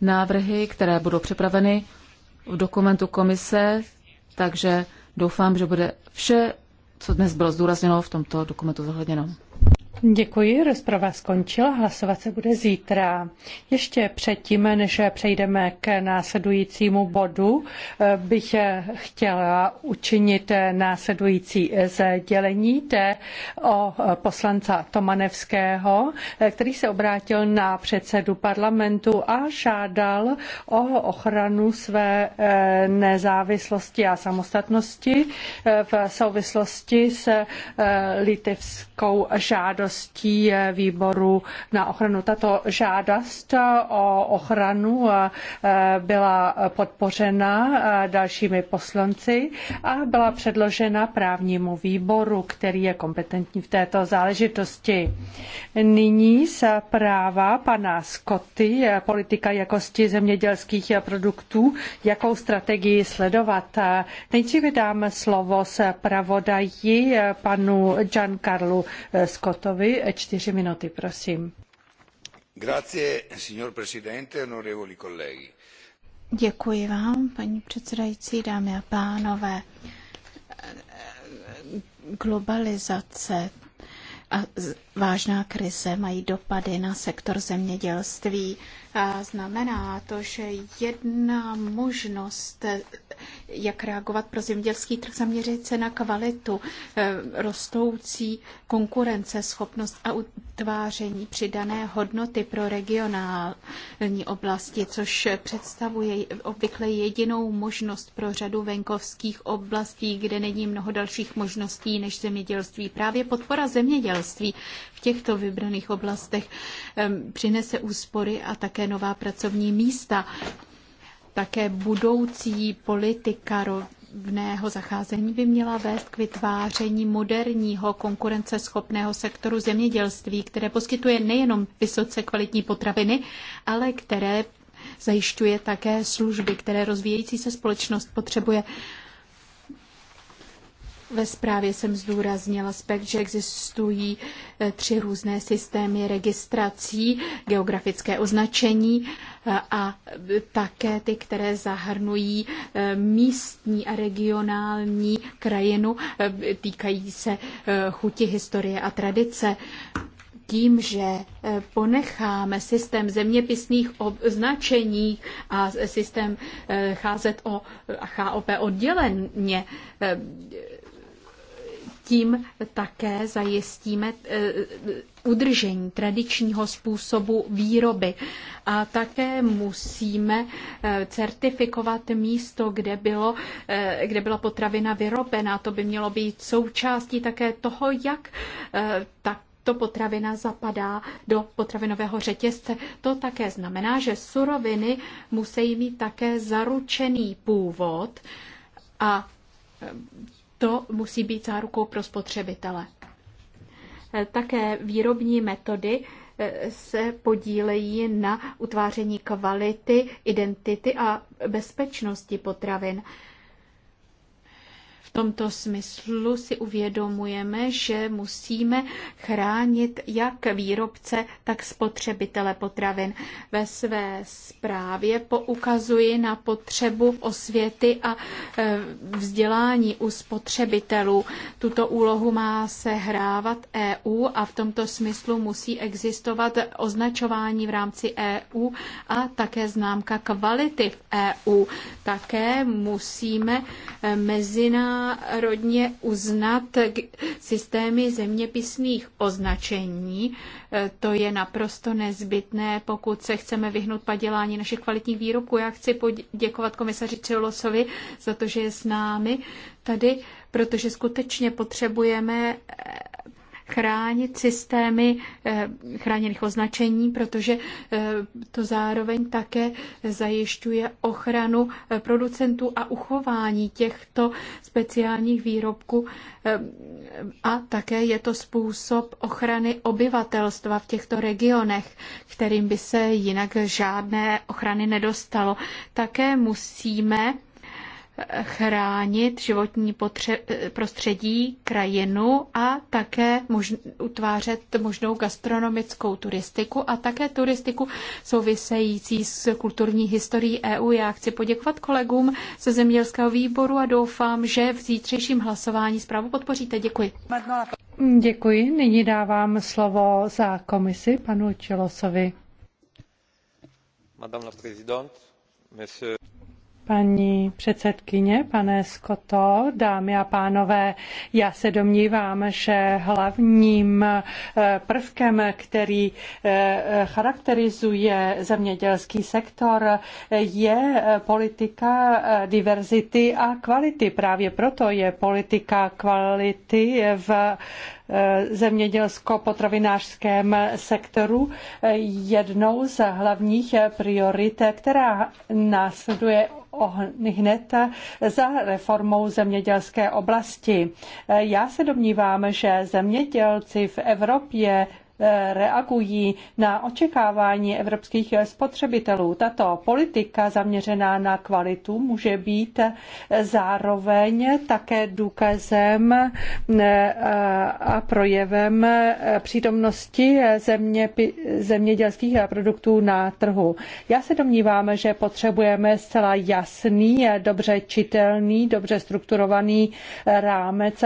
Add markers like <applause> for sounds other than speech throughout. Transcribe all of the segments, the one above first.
návrhy, které budou připraveny v dokumentu komise, takže doufám, že bude vše, co dnes bylo zdůrazněno, v tomto dokumentu zohledněno. Děkuji, rozprava skončila, hlasovat se bude zítra. Ještě předtím, než přejdeme k následujícímu bodu, bych chtěla učinit následující sdělení té o poslanca Tomanevského, který se obrátil na předsedu parlamentu a žádal o ochranu své nezávislosti a samostatnosti v souvislosti s litevskou žádostí žádostí výboru na ochranu. Tato žádost o ochranu eh, byla podpořena eh, dalšími poslanci a byla předložena právnímu výboru, který je kompetentní v této záležitosti. Nyní se práva pana Scotty, eh, politika jakosti zemědělských produktů, jakou strategii sledovat. Nejdříve dám slovo zpravodaji panu Giancarlu Scottovi. Dantovi. Eh, čtyři minuty, prosím. Grazie, signor presidente, onorevoli colleghi. Děkuji vám, paní předsedající, dámy a pánové. Globalizace a vážná krize mají dopady na sektor zemědělství, Znamená to, že jedna možnost, jak reagovat pro zemědělský trh, zaměřit se na kvalitu, eh, rostoucí konkurenceschopnost a utváření přidané hodnoty pro regionální oblasti, což představuje obvykle jedinou možnost pro řadu venkovských oblastí, kde není mnoho dalších možností než zemědělství. Právě podpora zemědělství v těchto vybraných oblastech ehm, přinese úspory a také nová pracovní místa, také budoucí politika rovného zacházení by měla vést k vytváření moderního konkurenceschopného sektoru zemědělství, které poskytuje nejenom vysoce kvalitní potraviny, ale které zajišťuje také služby, které rozvíjející se společnost potřebuje. Ve zprávě jsem zdůraznil aspekt, že existují e, tři různé systémy registrací, geografické označení e, a e, také ty, které zahrnují místní a regionální krajinu, týkají se chuti, historie a tradice tím, že ponecháme systém zeměpisných označení a systém cházet o a HOP odděleně, tím také zajistíme eh, udržení tradičního způsobu výroby. A také musíme eh, certifikovat místo, kde, bylo, eh, kde byla potravina vyrobena. To by mělo být součástí také toho, jak tak to potravina zapadá do potravinového řetězce. To také znamená, že suroviny musí mít také zaručený původ a to musí být zárukou pro spotřebitele. Eh, také výrobní metody eh, se podílejí na utváření kvality, identity a bezpečnosti potravin. V tomto smyslu si uvědomujeme, že musíme chránit jak výrobce, tak spotřebitele potravin. Ve své zprávě poukazuji na potřebu osvěty a e, vzdělání u spotřebitelů. Tuto úlohu má se hrávat EU a v tomto smyslu musí existovat označování v rámci EU a také známka kvality v EU. Také musíme e, mezinárodní mezinárodně uznat systémy zeměpisných označení. E, to je naprosto nezbytné, pokud se chceme vyhnout padělání našich kvalitních výrobků. Já chci poděkovat komisaři Čelosovi za to, že je s námi tady, protože skutečně potřebujeme chránit systémy eh, chráněných označení, protože eh, to zároveň také zajišťuje ochranu eh, producentů a uchování těchto speciálních výrobků a také je to způsob ochrany obyvatelstva v těchto regionech, kterým by se jinak žádné ochrany nedostalo. Také musíme chránit životní potře- prostředí, krajinu a také mož- utvářet možnou gastronomickou turistiku a také turistiku související s kulturní historií EU. Já chci poděkovat kolegům ze zemědělského výboru a doufám, že v zítřejším hlasování zprávu podpoříte. Děkuji. Děkuji. Nyní dávám slovo za komisi panu Čelosovi. Madame la présidente, monsieur... Paní předsedkyně, pane Skoto, dámy a pánové, já se domnívám, že hlavním eh, prvkem, který eh, charakterizuje zemědělský sektor, je eh, politika diverzity a kvality. Právě proto je politika kvality v zemědělsko-potravinářském sektoru jednou z hlavních priorit, která následuje hned za reformou zemědělské oblasti. Já se domnívám, že zemědělci v Evropě reagují na očekávání evropských spotřebitelů. Tato politika zaměřená na kvalitu může být zároveň také důkazem e, a projevem přítomnosti země, zemědělských produktů na trhu. Já se domnívám, že potřebujeme zcela jasný, dobře čitelný, dobře strukturovaný rámec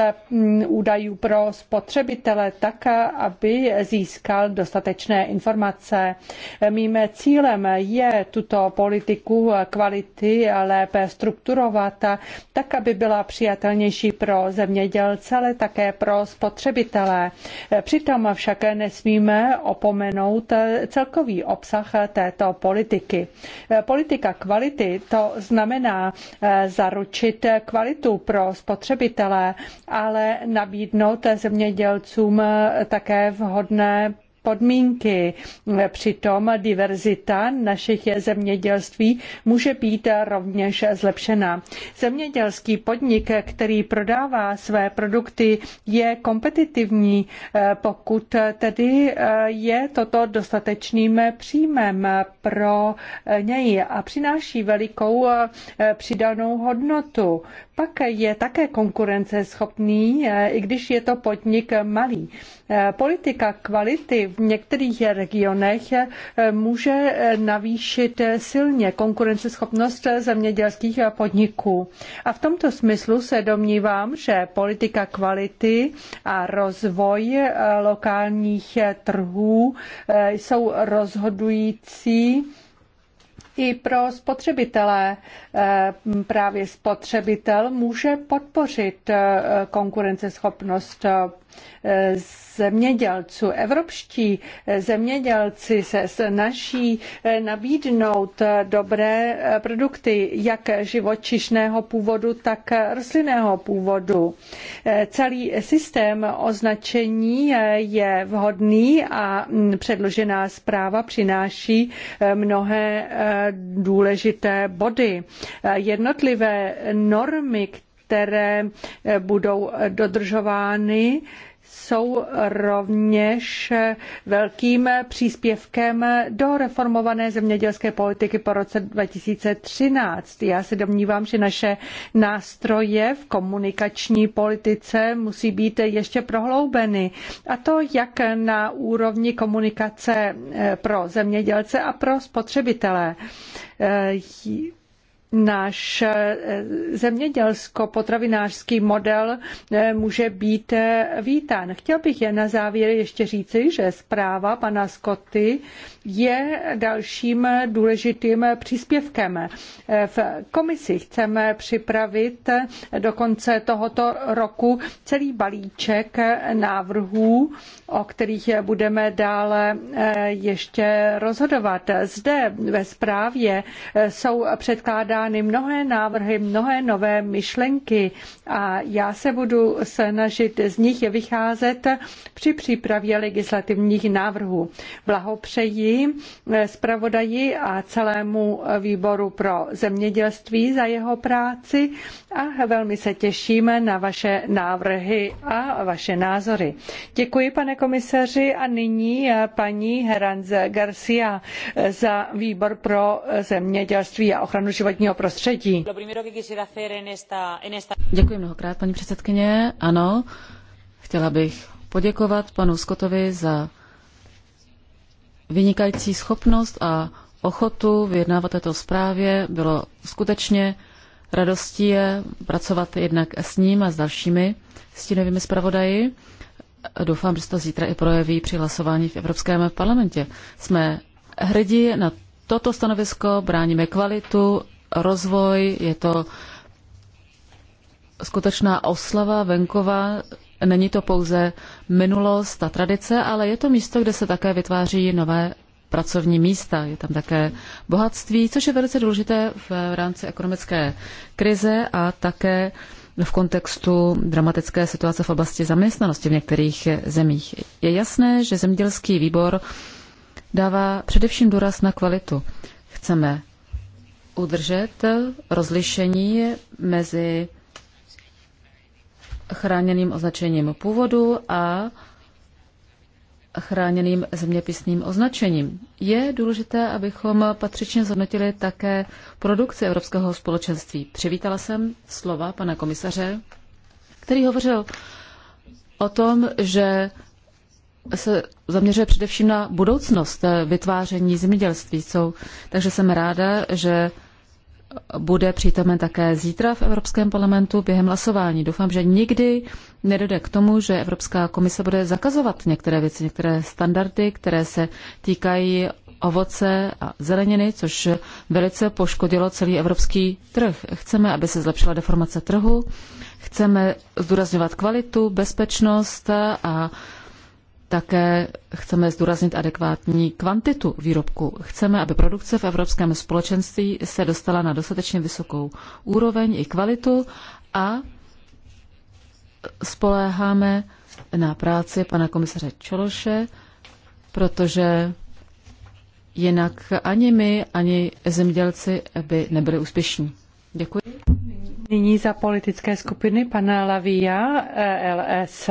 údajů pro spotřebitele, tak, aby získali získal dostatečné informace. Mým cílem je tuto politiku kvality lépe strukturovat tak, aby byla přijatelnější pro zemědělce, ale také pro spotřebitele. Přitom však nesmíme opomenout celkový obsah této politiky. Politika kvality to znamená eh, zaručit kvalitu pro spotřebitele, ale nabídnout zemědělcům eh, také vhodné rovné podmínky. Přitom diverzita našich zemědělství může být rovněž zlepšena. Zemědělský podnik, který prodává své produkty, je kompetitivní, pokud tedy eh, je toto dostatečným příjmem pro něj a přináší velikou eh, přidanou hodnotu pak je také konkurenceschopný, eh, i když je to podnik malý. Eh, politika kvality v některých regionech eh, může navýšit silně konkurenceschopnost zemědělských podniků. A v tomto smyslu se domnívám, že politika kvality a rozvoj lokálních trhů jsou rozhodující i pro spotřebitele. Eh, právě spotřebitel může podpořit eh, konkurenceschopnost eh, zemědělců. Evropští zemědělci se snaží eh, nabídnout eh, dobré eh, produkty jak živočišného původu, tak rostlinného původu. Celý systém označení je vhodný a mm, předložená zpráva přináší mnohé důležité body. Jednotlivé normy, které eh, budou eh, dodržovány, jsou rovněž eh, velkým příspěvkem do reformované zemědělské politiky po roce 2013. Já se domnívám, že naše nástroje v komunikační politice musí být ještě prohloubeny. A to jak na úrovni komunikace pro zemědělce a pro spotřebitele náš eh, zemědělsko-potravinářský model eh, může být eh, vítán. Chtěl bych je na závěr ještě říci, že zpráva pana Scotty je dalším důležitým příspěvkem. V komisi chceme připravit do konce tohoto roku celý balíček návrhů, o kterých budeme dále eh, ještě rozhodovat. Zde ve zprávě jsou předkládány mnohé návrhy, mnohé nové myšlenky a já se budu snažit z nich vycházet při přípravě legislativních návrhů. Blahopřeji Děkuji eh, zpravodaji a celému eh, výboru pro zemědělství za jeho práci a velmi se těšíme na vaše návrhy a vaše názory. Děkuji, pane komisaři, a nyní eh, paní Heranz Garcia za výbor pro zemědělství a ochranu životního prostředí. Děkuji mnohokrát, paní předsedkyně. Ano, chtěla bych poděkovat panu Skotovi za vynikající schopnost a ochotu vyjednávat této zprávě. Bylo skutečně radostí je pracovat jednak s ním a s dalšími stínovými zpravodaji. Doufám, že se to zítra i projeví při hlasování v Evropském parlamentě. Jsme hrdí na toto stanovisko, bráníme kvalitu, rozvoj, je to skutečná oslava venkova Není to pouze minulost a tradice, ale je to místo, kde se také vytváří nové pracovní místa. Je tam také bohatství, což je velice důležité v rámci ekonomické krize a také v kontextu dramatické situace v oblasti zaměstnanosti v některých zemích. Je jasné, že zemědělský výbor dává především důraz na kvalitu. Chceme udržet rozlišení mezi chráněným označením původu a chráněným zeměpisným označením. Je důležité, abychom patřičně zhodnotili také produkci Evropského společenství. Přivítala jsem slova pana komisaře, který hovořil o tom, že se zaměřuje především na budoucnost vytváření zemědělství. takže jsem ráda, že bude přítomen také zítra v Evropském parlamentu během hlasování. Doufám, že nikdy nedojde k tomu, že Evropská komise bude zakazovat některé věci, některé standardy, které se týkají ovoce a zeleniny, což velice poškodilo celý evropský trh. Chceme, aby se zlepšila deformace trhu, chceme zdůrazňovat kvalitu, bezpečnost a také chceme zdůraznit adekvátní kvantitu výrobku. Chceme, aby produkce v Evropském společenství se dostala na dostatečně vysokou úroveň i kvalitu a spoléháme na práci pana komisaře Čološe, protože jinak ani my, ani zemědělci by nebyli úspěšní. Děkuji. Nyní za politické skupiny pana Lavia e LS.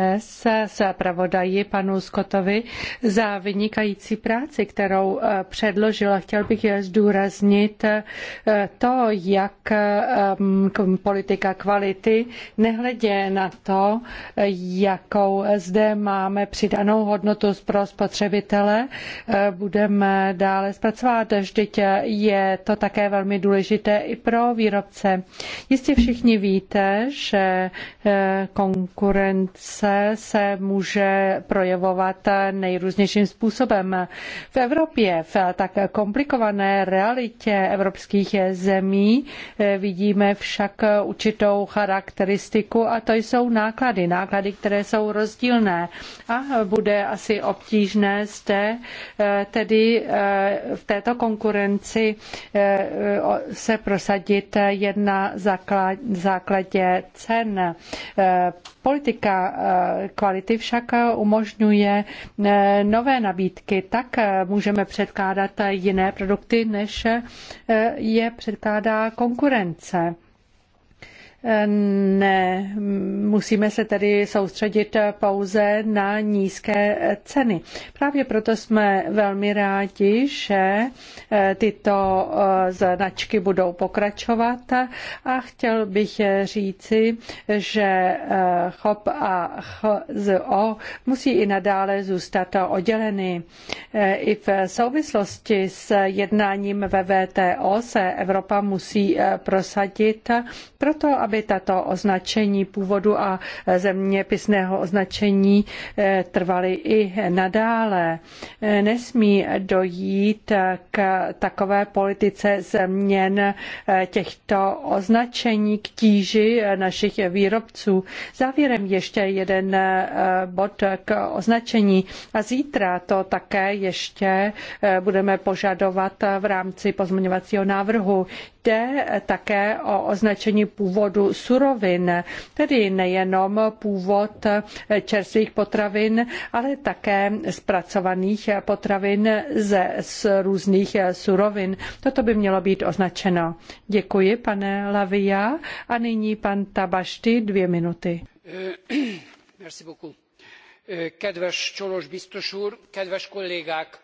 ODS se pravodaji panu Skotovi za vynikající práci, kterou eh, předložil. Chtěl bych je zdůraznit eh, to, jak eh, politika kvality, nehledě na to, jakou zde máme přidanou hodnotu pro spotřebitele, budeme dále zpracovat. Vždyť je to také velmi důležité i pro výrobce. Jistě všichni víte, že konkurence migrace se může projevovat nejrůznějším způsobem. V Evropě, v tak komplikované realitě evropských zemí, vidíme však určitou charakteristiku a to jsou náklady. Náklady, které jsou rozdílné a bude asi obtížné zde tedy v této konkurenci se prosadit jen na základě cen Politika eh, kvality však eh, umožňuje eh, nové nabídky, tak můžeme předkládat jiné produkty, než je předkládá konkurence. Ne, musíme se tedy soustředit pouze na nízké ceny. Právě proto jsme velmi rádi, že eh, tyto eh, značky budou pokračovat a chtěl bych říci, že eh, CHOP a Chzo musí i nadále zůstat odděleny. I v souvislosti s jednáním ve WTO se Evropa musí prosadit proto, aby aby tato označení původu a zeměpisného označení eh, trvaly i nadále. Eh, nesmí dojít k takové politice změn eh, těchto označení k tíži našich výrobců. Závěrem ještě jeden bod k označení. A zítra to také ještě budeme požadovat v rámci pozměňovacího návrhu. Jde také o označení původu původu surovin, tedy nejenom původ čerstvých potravin, ale také zpracovaných potravin ze, z různých surovin. Toto by mělo být označeno. Děkuji, pane Lavia. A nyní pan Tabašty, dvě minuty. Eh, <clears throat> merci beaucoup. Eh, kedves biztos úr, kedves kollégák!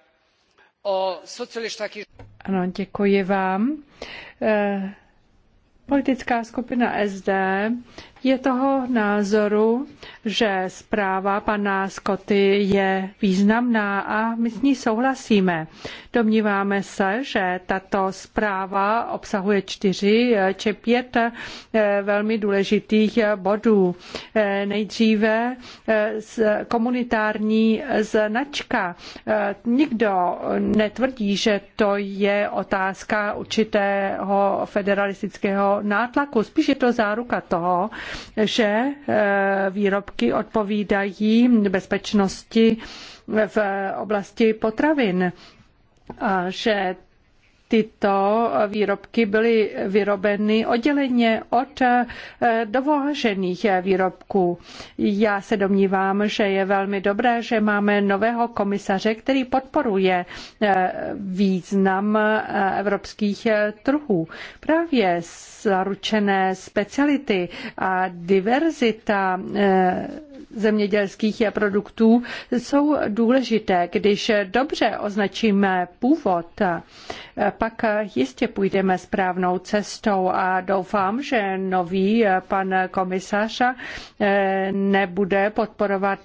A szocialisták is... Ano, děkuji vám. Eh, Politická skupina SD je toho názoru, že zpráva pana Scotty je významná a my s ní souhlasíme. Domníváme se, že tato zpráva obsahuje čtyři či pět eh, velmi důležitých bodů. Eh, nejdříve eh, komunitární značka. Nikdo netvrdí, že to je otázka určitého federalistického nátlaku. Spíš je to záruka toho, že eh, výrobky odpovídají bezpečnosti v oblasti potravin a že tyto výrobky byly vyrobeny odděleně od eh, dovožených výrobků. Já se domnívám, že je velmi dobré, že máme nového komisaře, který podporuje eh, význam eh, evropských trhů. Právě zaručené speciality a diverzita zemědělských produktů jsou důležité. Když dobře označíme původ, pak jistě půjdeme správnou cestou a doufám, že nový pan komisař eh, nebude podporovat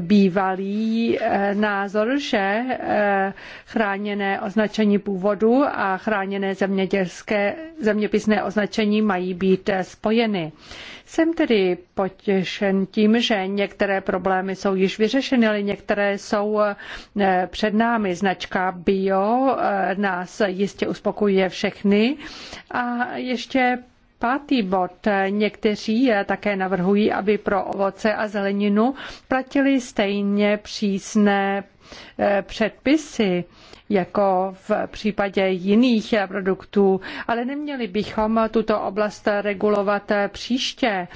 bývalý eh, názor, že eh, chráněné označení původu a chráněné zemědělské zeměpisné označení mají být spojeny. Jsem tedy potěšen tím, že některé problémy jsou již vyřešeny, ale některé jsou eh, před námi. Značka bio eh, nás jistě uspokojuje všechny. A ještě pátý bod. Někteří eh, také navrhují, aby pro ovoce a zeleninu platili stejně přísné Eh, předpisy jako v případě jiných eh, produktů, ale neměli bychom tuto oblast regulovat eh, příště,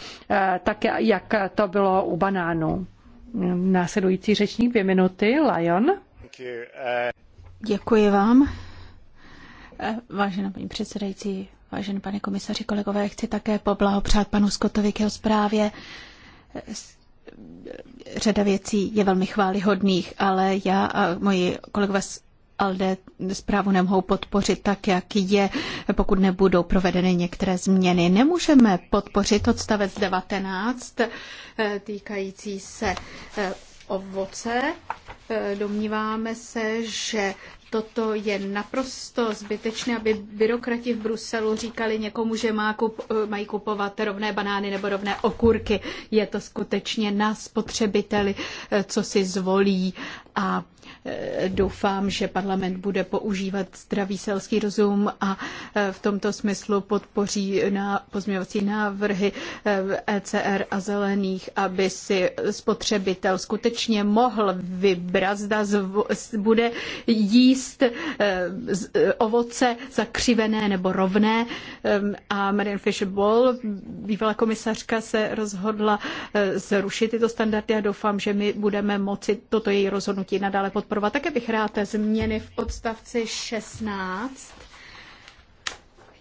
tak jak to bylo u banánů. Následující řečník dvě minuty, Lion. Děkuji vám. Vážená paní předsedající, vážený pane komisaři, kolegové, chci také poblahopřát panu Skotovi k jeho zprávě řada věcí je velmi chválihodných, ale já a moji kolegové z ALDE zprávu nemohou podpořit tak, jak je, pokud nebudou provedeny některé změny. Nemůžeme podpořit odstavec 19 eh, týkající se eh, ovoce. Eh, domníváme se, že Toto je naprosto zbytečné, aby byrokrati v Bruselu říkali někomu, že má kup, eh, mají kupovat rovné banány nebo rovné okurky. Je to skutečně na spotřebiteli, eh, co si zvolí a Doufám, že parlament bude používat zdravý selský rozum a e, v tomto smyslu podpoří na pozměňovací návrhy ECR e a zelených, aby si spotřebitel skutečně mohl vybrat, zda bude jíst e, ovoce zakřivené nebo rovné. A Marian Fisher Ball, bývalá komisařka, se rozhodla zrušit tyto standardy a doufám, že my budeme moci toto její rozhodnutí nadále podporovat podporovat. Také bych rád změny v odstavci 16.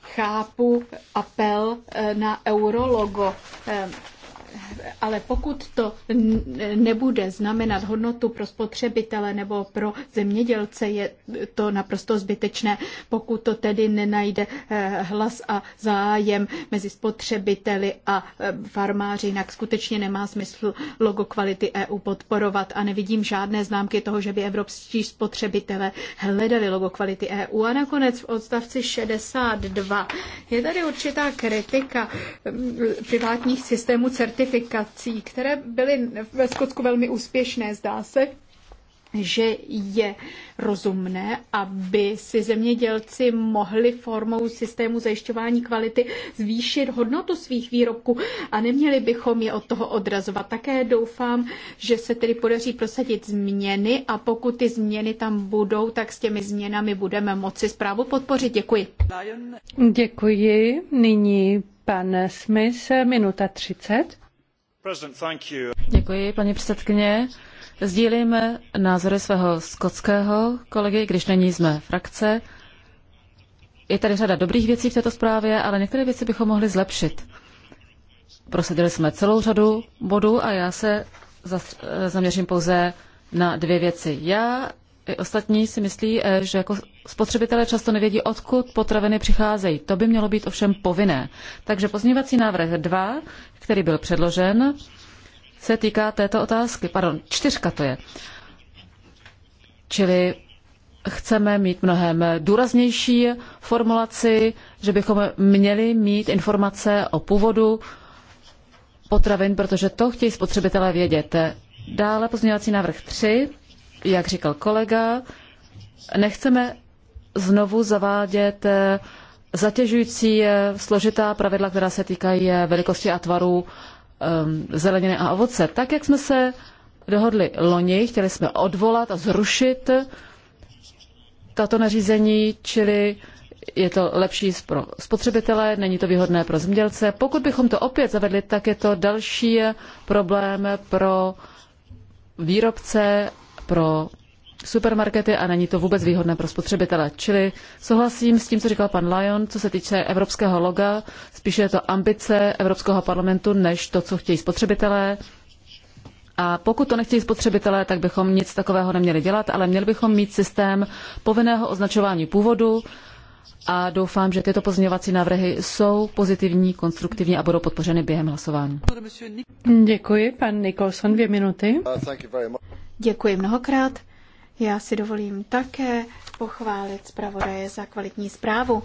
Chápu apel eh, na eurologo ale pokud to nebude znamenat hodnotu pro spotřebitele nebo pro zemědělce, je to naprosto zbytečné, pokud to tedy nenajde eh, hlas a zájem mezi spotřebiteli a eh, farmáři, jinak skutečně nemá smysl logo kvality EU podporovat a nevidím žádné známky toho, že by evropští spotřebitele hledali logo kvality EU. A nakonec v odstavci 62 je tady určitá kritika mm, privátních systémů certifikace certifikací, které byly ve Skotsku velmi úspěšné, zdá se, že je rozumné, aby si zemědělci mohli formou systému zajišťování kvality zvýšit hodnotu svých výrobků a neměli bychom je od toho odrazovat. Také doufám, že se tedy podaří prosadit změny a pokud ty změny tam budou, tak s těmi změnami budeme moci zprávu podpořit. Děkuji. Děkuji. Nyní pan Smith, minuta 30. Děkuji, paní předsedkyně. sdílím názory svého skotského kolegy, když není z mé frakce. Je tady řada dobrých věcí v této zprávě, ale některé věci bychom mohli zlepšit. Prosadili jsme celou řadu bodů a já se e, zaměřím pouze na dvě věci. Já ostatní si myslí, eh, že jako spotřebitelé často nevědí, odkud potraviny přicházejí. To by mělo být ovšem povinné. Takže pozměňovací návrh 2, který byl předložen, se týká této otázky. Pardon, čtyřka to je. Čili chceme mít mnohem důraznější formulaci, že bychom měli mít informace o původu potravin, protože to chtějí spotřebitelé vědět. Dále pozměňovací návrh 3 jak říkal kolega, nechceme znovu zavádět eh, zatěžující eh, složitá pravidla, která se týkají eh, velikosti a tvaru ehm, zeleniny a ovoce. Tak, jak jsme se dohodli loni, chtěli jsme odvolat a zrušit tato nařízení, čili je to lepší pro spotřebitele, není to výhodné pro zemědělce. Pokud bychom to opět zavedli, tak je to další problém pro výrobce pro supermarkety a není to vůbec výhodné pro spotřebitele. Čili souhlasím s tím, co říkal pan Lyon, co se týče evropského loga, spíše je to ambice Evropského parlamentu, než to, co chtějí spotřebitelé. A pokud to nechtějí spotřebitelé, tak bychom nic takového neměli dělat, ale měli bychom mít systém povinného označování původu a doufám, že tyto pozměňovací návrhy jsou pozitivní, konstruktivní a budou podpořeny během hlasování. Děkuji, pan Nicholson, dvě minuty. Uh, Děkuji mnohokrát. Já si dovolím také pochválit zpravodaje za kvalitní zprávu.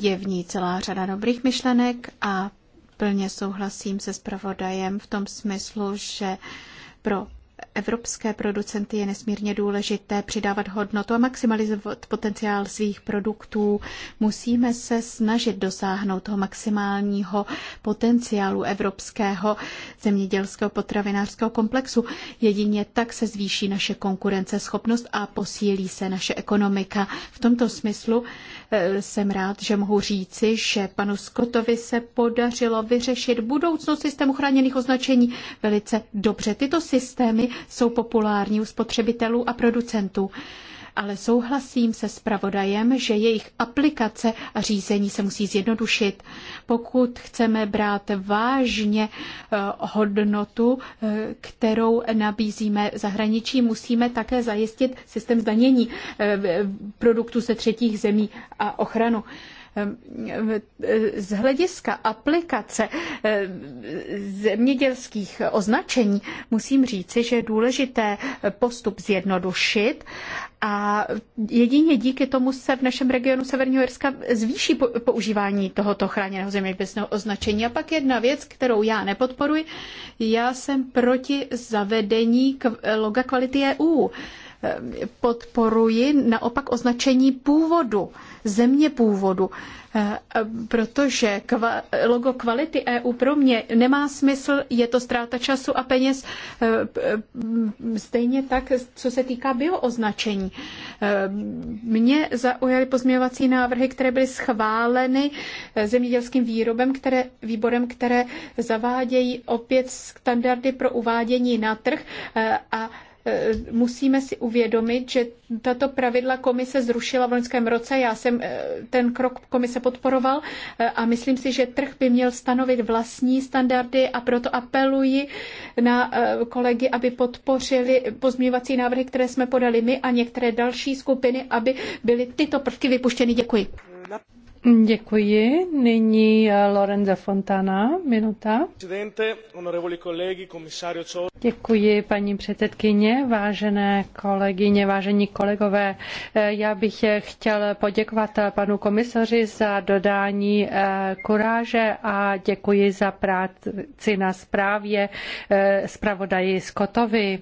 Je v ní celá řada dobrých myšlenek a plně souhlasím se zpravodajem v tom smyslu, že pro evropské producenty je nesmírně důležité přidávat hodnotu a maximalizovat potenciál svých produktů. Musíme se snažit dosáhnout toho maximálního potenciálu evropského zemědělského potravinářského komplexu. Jedině tak se zvýší naše konkurenceschopnost a posílí se naše ekonomika. V tomto smyslu E, jsem rád, že mohu říci, že panu Skotovi se podařilo vyřešit budoucnost systému chráněných označení velice dobře. Tyto systémy jsou populární u spotřebitelů a producentů ale souhlasím se zpravodajem, že jejich aplikace a řízení se musí zjednodušit. Pokud chceme brát vážně eh, hodnotu, eh, kterou nabízíme zahraničí, musíme také zajistit systém zdanění eh, produktů ze třetích zemí a ochranu. Ehm, eh, z hlediska aplikace eh, zemědělských označení musím říci, že je důležité postup zjednodušit a jedině díky tomu se v našem regionu Severního Jirska zvýší používání tohoto chráněného zeměpisného označení. A pak jedna věc, kterou já nepodporuji, já jsem proti zavedení loga kvality EU podporuji naopak označení původu, země původu, eh, protože logo kvality EU pro mě nemá smysl, je to ztráta času a peněz. Eh, stejně tak, co se týká biooznačení. Eh, mě zaujaly pozměňovací návrhy, které byly schváleny zemědělským výrobem, které, výborem, které zavádějí opět standardy pro uvádění na trh a Eh, musíme si uvědomit, že tato pravidla komise zrušila v loňském roce. Já jsem eh, ten krok komise podporoval eh, a myslím si, že trh by měl stanovit vlastní standardy a proto apeluji na kolegy, aby podpořili pozměňovací návrhy, které jsme podali my a některé další skupiny, aby byly tyto prvky vypuštěny. Děkuji. Děkuji. Nyní eh, Lorenza Fontana, minuta. Děkuji, paní předsedkyně, vážené kolegyně, vážení kolegové. Eh, já bych eh, chtěl poděkovat panu komisaři za dodání kuráže a děkuji za práci na zprávě zpravodaji Skotovi.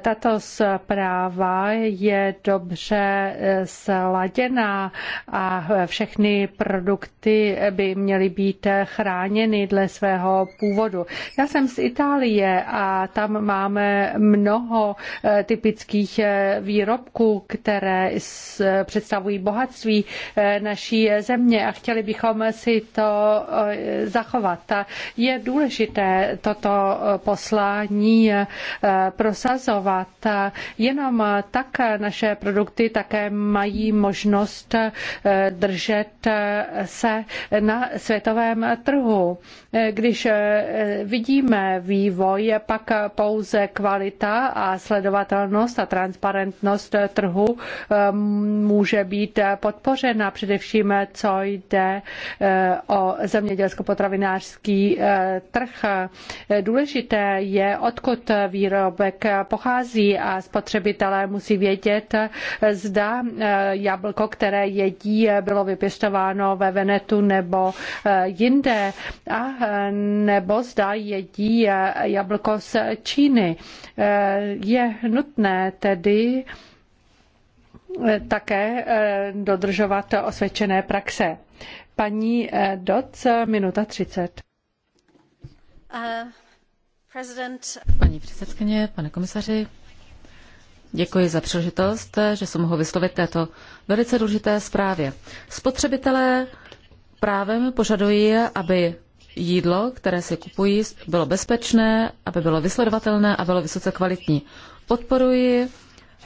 Tato zpráva je dobře sladěná a všechny produkty by měly být chráněny dle svého původu. Já jsem z Itálie a tam máme mnoho eh, typických eh, výrobků, které představují bohatství eh, naší země a chtěli bychom si to zachovat. Je důležité toto poslání prosazovat. Jenom tak naše produkty také mají možnost držet se na světovém trhu. Když vidíme vývoj, pak pouze kvalita a sledovatelnost a transparentnost trhu eh, může být podpořena především, co jde eh, o zemědělsko-potravinářský eh, trh. Důležité je, odkud výrobek pochází a spotřebitelé musí vědět, zda jablko, které jedí, bylo vypěstováno pěstováno ve Venetu nebo eh, jinde, a eh, nebo zda jedí eh, jablko z Číny. Je nutné tedy také dodržovat osvědčené praxe. Paní Doc, minuta 30. Uh, Paní předsedkyně, pane komisaři, Děkuji za příležitost, že jsem mohl vyslovit této velice důležité zprávě. Spotřebitelé právem požadují, aby jídlo, které si kupují, bylo bezpečné, aby bylo vysledovatelné a bylo vysoce kvalitní. Podporuji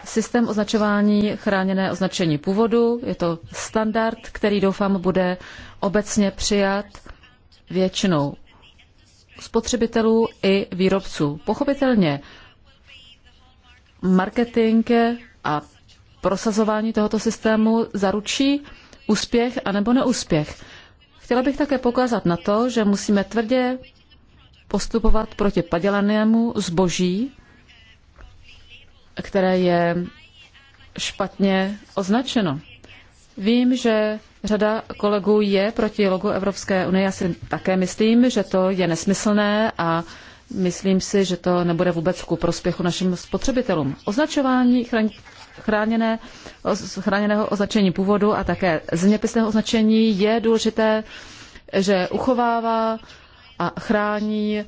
systém označování chráněné označení původu. Je to standard, který doufám bude obecně přijat většinou spotřebitelů i výrobců. Pochopitelně marketing a prosazování tohoto systému zaručí úspěch anebo neúspěch. Chtěla bych také poukázat na to, že musíme tvrdě postupovat proti padělanému zboží, které je špatně označeno. Vím, že řada kolegů je proti logu Evropské unie. Já si také myslím, že to je nesmyslné a Myslím si, že to nebude vůbec ku prospěchu našim spotřebitelům. Označování chrání, chráněné, chráněného označení původu a také zeměpisného označení je důležité, že uchovává a chrání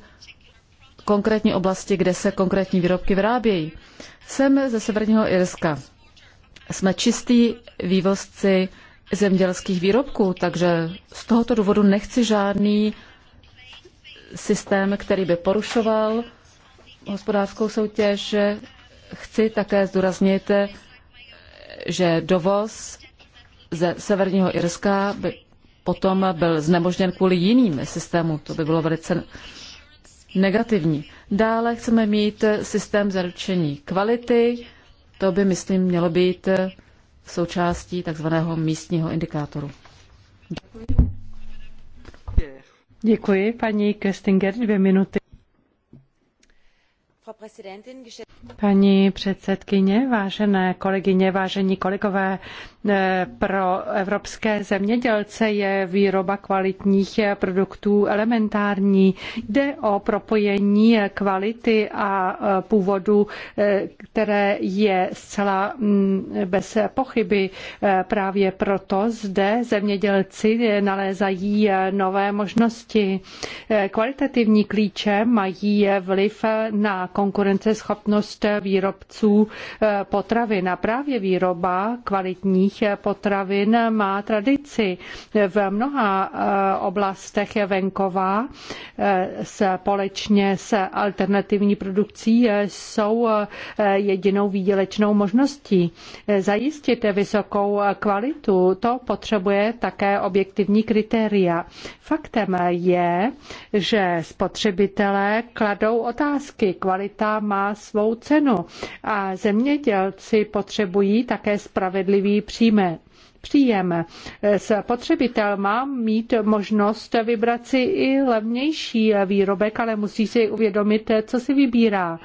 konkrétní oblasti, kde se konkrétní výrobky vyrábějí. Jsem ze Severního Irska. Jsme čistí vývozci zemědělských výrobků, takže z tohoto důvodu nechci žádný systém, který by porušoval hospodářskou soutěž. Chci také zdůraznit, že dovoz ze Severního Irska by potom byl znemožněn kvůli jiným systémům. To by bylo velice negativní. Dále chceme mít systém zaručení kvality. To by, myslím, mělo být součástí takzvaného místního indikátoru. Děkuji. Děkuji, paní Kestinger, dvě minuty. Paní předsedkyně, vážené kolegyně, vážení kolegové, eh, pro evropské zemědělce je výroba kvalitních produktů elementární. Jde o propojení kvality a eh, původu, eh, které je zcela mm, bez pochyby. Právě proto zde zemědělci nalézají nové možnosti. Kvalitativní klíče mají vliv na konkurenceschopnost výrobců eh, potravin. A právě výroba kvalitních eh, potravin má tradici v mnoha eh, oblastech venkova společně s alternativní produkcí jsou jedinou výdělečnou možností. Zajistit vysokou kvalitu, to potřebuje také objektivní kritéria. Faktem je, že spotřebitelé kladou otázky kvality kvalita má svou cenu a zemědělci potřebují také spravedlivý příjme, příjem. Spotřebitel má mít možnost vybrat si i levnější výrobek, ale musí si uvědomit, co si vybírá.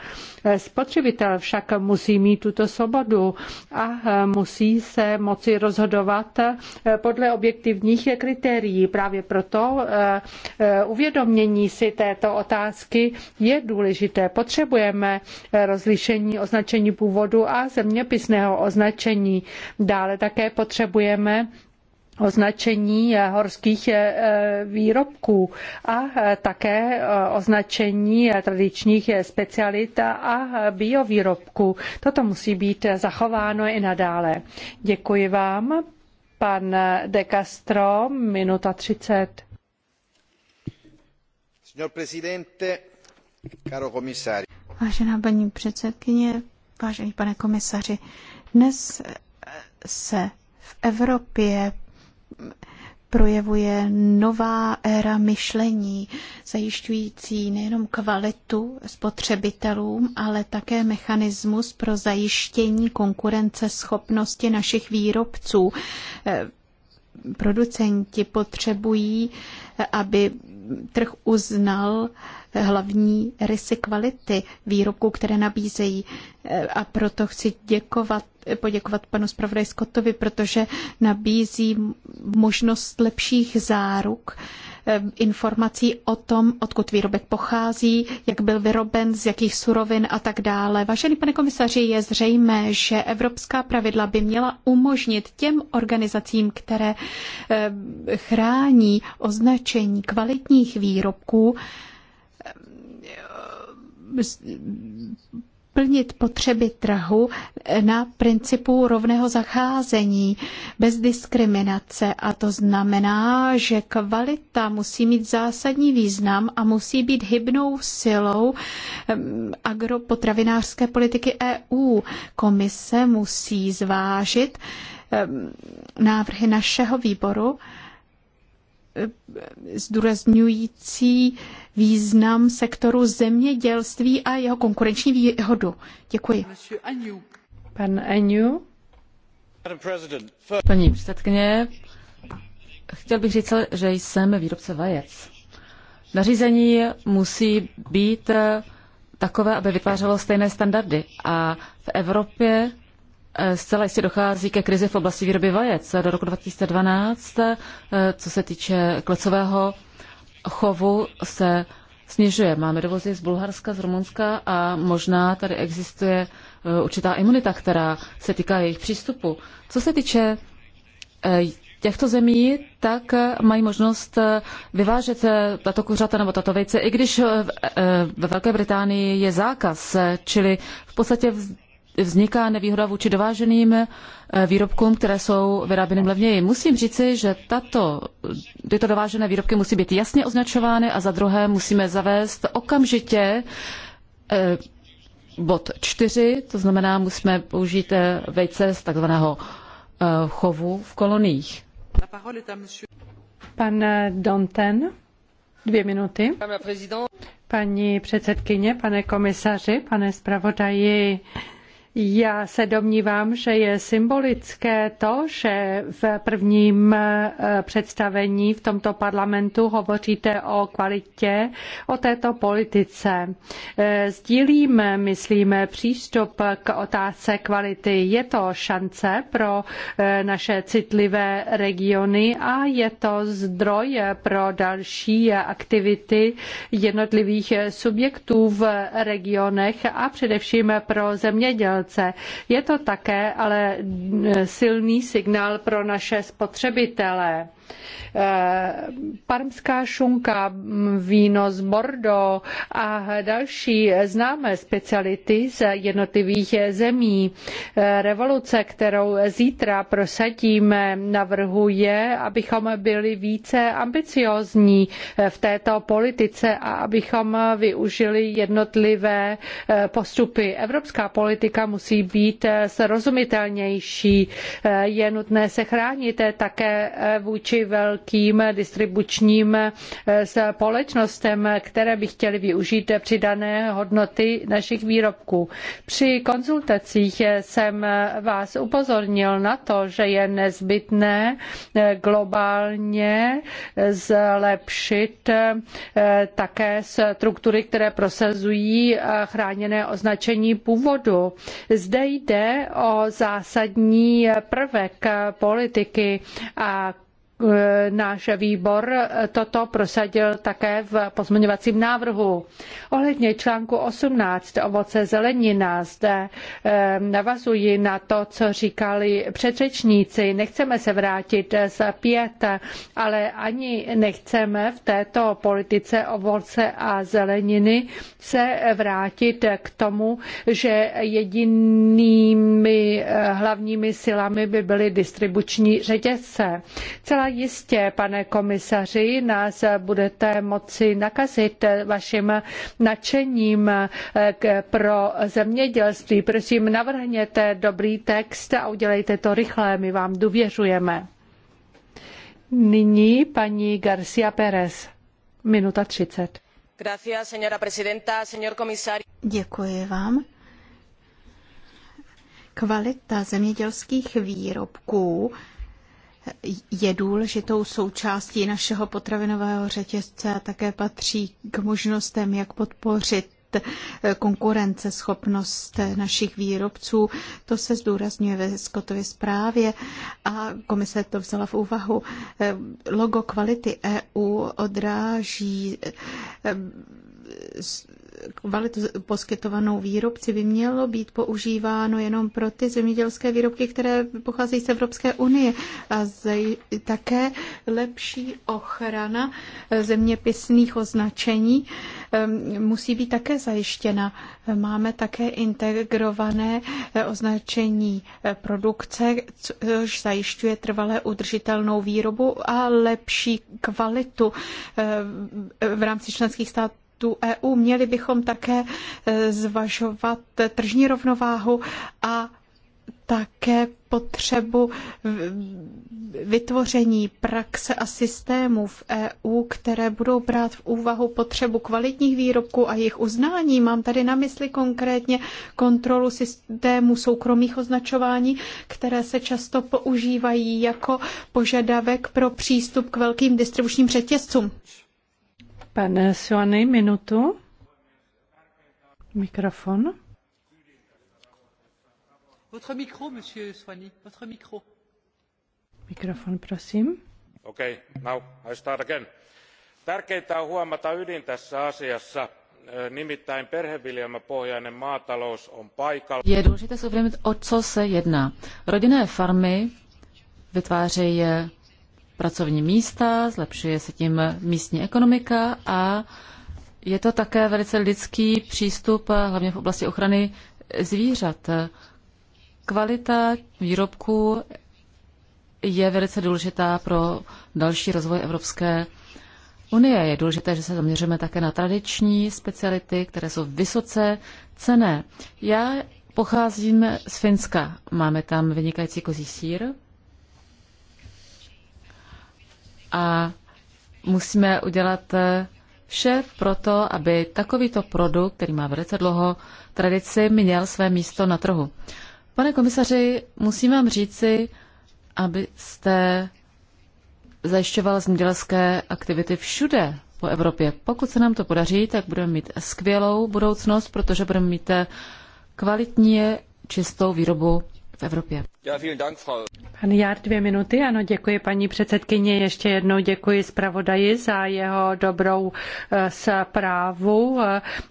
Spotřebitel však musí mít tuto svobodu a musí se moci rozhodovat podle objektivních kritérií. Právě proto eh, uvědomění si této otázky je důležité. Potřebujeme rozlišení označení původu a zeměpisného označení. Dále také potřebujeme navrhujeme označení horských eh, výrobků a eh, také eh, označení tradičních specialit a biovýrobků. Toto musí být zachováno i nadále. Děkuji vám. Pan De Castro, minuta 30. Signor presidente, caro commissario. Vážená paní předsedkyně, vážený pane komisaři, dnes se v Evropě projevuje nová éra myšlení, zajišťující nejenom kvalitu spotřebitelům, ale také mechanismus pro zajištění konkurenceschopnosti našich výrobců. Eh, producenti potřebují, eh, aby trh uznal hlavní rysy kvality výrobků, které nabízejí. A proto chci děkovat, poděkovat panu zpravodaj Scottovi, protože nabízí možnost lepších záruk Ehm, informací o tom, odkud výrobek pochází, jak byl vyroben, z jakých surovin a tak dále. Vážený pane komisaři, je zřejmé, že evropská pravidla by měla umožnit těm organizacím, které ehm, chrání označení kvalitních výrobků, ehm, plnit potřeby trhu na principu rovného zacházení bez diskriminace. A to znamená, že kvalita musí mít zásadní význam a musí být hybnou silou agropotravinářské politiky EU. Komise musí zvážit návrhy našeho výboru zdůrazňující význam sektoru zemědělství a jeho konkurenční výhodu. Děkuji. Pan Paní předsedkyně, chtěl bych říct, že jsem výrobce vajec. Nařízení musí být takové, aby vytvářelo stejné standardy. A v Evropě Eh, zcela jistě dochází ke krizi v oblasti výroby vajec do roku 2012. Eh, co se týče klecového chovu, se snižuje. Máme dovozy z Bulharska, z Rumunska a možná tady existuje eh, určitá imunita, která se týká jejich přístupu. Co se týče těchto zemí, tak mají možnost vyvážet tato kuřata nebo tato vejce, i když ve Velké Británii je zákaz, čili v podstatě vzniká nevýhoda vůči dováženým eh, výrobkům, které jsou vyráběny levněji. Musím říci, že tato, tyto dovážené výrobky musí být jasně označovány a za druhé musíme zavést okamžitě eh, bod 4, to znamená, musíme použít eh, vejce z takzvaného chovu v koloniích. Pan Donten, dvě minuty. Paní předsedkyně, pane komisaři, pane zpravodaji, já se domnívám, že je symbolické to, že v prvním eh, představení v tomto parlamentu hovoříte o kvalitě, o této politice. Eh, Sdílím, myslíme, přístup k otázce kvality. Je to šance pro eh, naše citlivé regiony a je to zdroj pro další aktivity jednotlivých subjektů v regionech a především pro zemědělce Vánoce. Je to také ale silný signál pro naše spotřebitele Eh, parmská šunka, víno z Bordeaux a další známé speciality z jednotlivých zemí. Eh, revoluce, kterou zítra prosadíme, navrhuje, abychom byli více ambiciózní eh, v této politice a abychom využili jednotlivé postupy. Evropská politika musí být srozumitelnější. Je nutné se chránit také vůči vůči velkým distribučním eh, společnostem, které by chtěly využít přidané hodnoty našich výrobků. Při konzultacích eh, jsem eh, vás upozornil na to, že je nezbytné globálně zlepšit také struktury, které prosazují chráněné označení původu. Zde jde o zásadní prvek politiky a Eh, náš výbor toto prosadil také v pozměňovacím návrhu. Ohledně článku 18 ovoce zelenina zde eh, navazuji na to, co říkali předřečníci. Nechceme se vrátit za pět, ale ani nechceme v této politice ovoce a zeleniny se vrátit k tomu, že jedinými eh, hlavními silami by byly distribuční řetězce. Celá jistě, pane komisaři, nás budete moci nakazit vaším nadšením eh, pro zemědělství. Prosím, navrhněte dobrý text a udělejte to rychle, my vám důvěřujeme. Nyní paní Garcia Pérez. Minuta 30. Děkuji vám. Kvalita zemědělských výrobků je důležitou součástí našeho potravinového řetězce a také patří k možnostem, jak podpořit eh, konkurenceschopnost eh, našich výrobců. To se zdůrazňuje ve Scottově zprávě a komise to vzala v úvahu. Eh, logo kvality EU odráží kvalitu poskytovanou výrobci by mělo být používáno jenom pro ty zemědělské výrobky, které pocházejí z Evropské unie a zej, také lepší ochrana eh, zeměpisných označení ehm, musí být také zajištěna. Máme také integrované eh, označení eh, produkce, což zajišťuje trvalé udržitelnou výrobu a lepší kvalitu v rámci členských států států EU. Měli bychom také e, zvažovat tržní rovnováhu a také potřebu vytvoření praxe a systémů v EU, které budou brát v úvahu potřebu kvalitních výrobků a jejich uznání. Mám tady na mysli konkrétně kontrolu systému soukromých označování, které se často používají jako požadavek pro přístup k velkým distribučním řetězcům. Pane Suany, minutu. Mikrofon. Votre micro, monsieur Suany, votre micro. Mikrofon, prosím. Okay, now I start again. Tärkeintä on huomata ydin tässä asiassa, eh, nimittäin perheviljelmäpohjainen maatalous on paikalla. Je důležité si uvědomit, o co se jedná. Rodinné farmy vytvářejí eh, pracovní místa, zlepšuje se tím místní ekonomika a je to také velice lidský přístup, hlavně v oblasti ochrany zvířat. Kvalita výrobků je velice důležitá pro další rozvoj Evropské unie. Je důležité, že se zaměříme také na tradiční speciality, které jsou vysoce cené. Já pocházím z Finska. Máme tam vynikající kozí sír, a musíme udělat eh, vše pro to, aby takovýto produkt, který má velice dlouho tradici, měl své místo na trhu. Pane komisaři, musím vám říci, abyste zajišťoval zemědělské aktivity všude po Evropě. Pokud se nám to podaří, tak budeme mít skvělou budoucnost, protože budeme mít eh, kvalitní čistou výrobu v Evropě dvě minuty. Ano, děkuji paní předsedkyně. Ještě jednou děkuji zpravodaji za jeho dobrou eh, zprávu.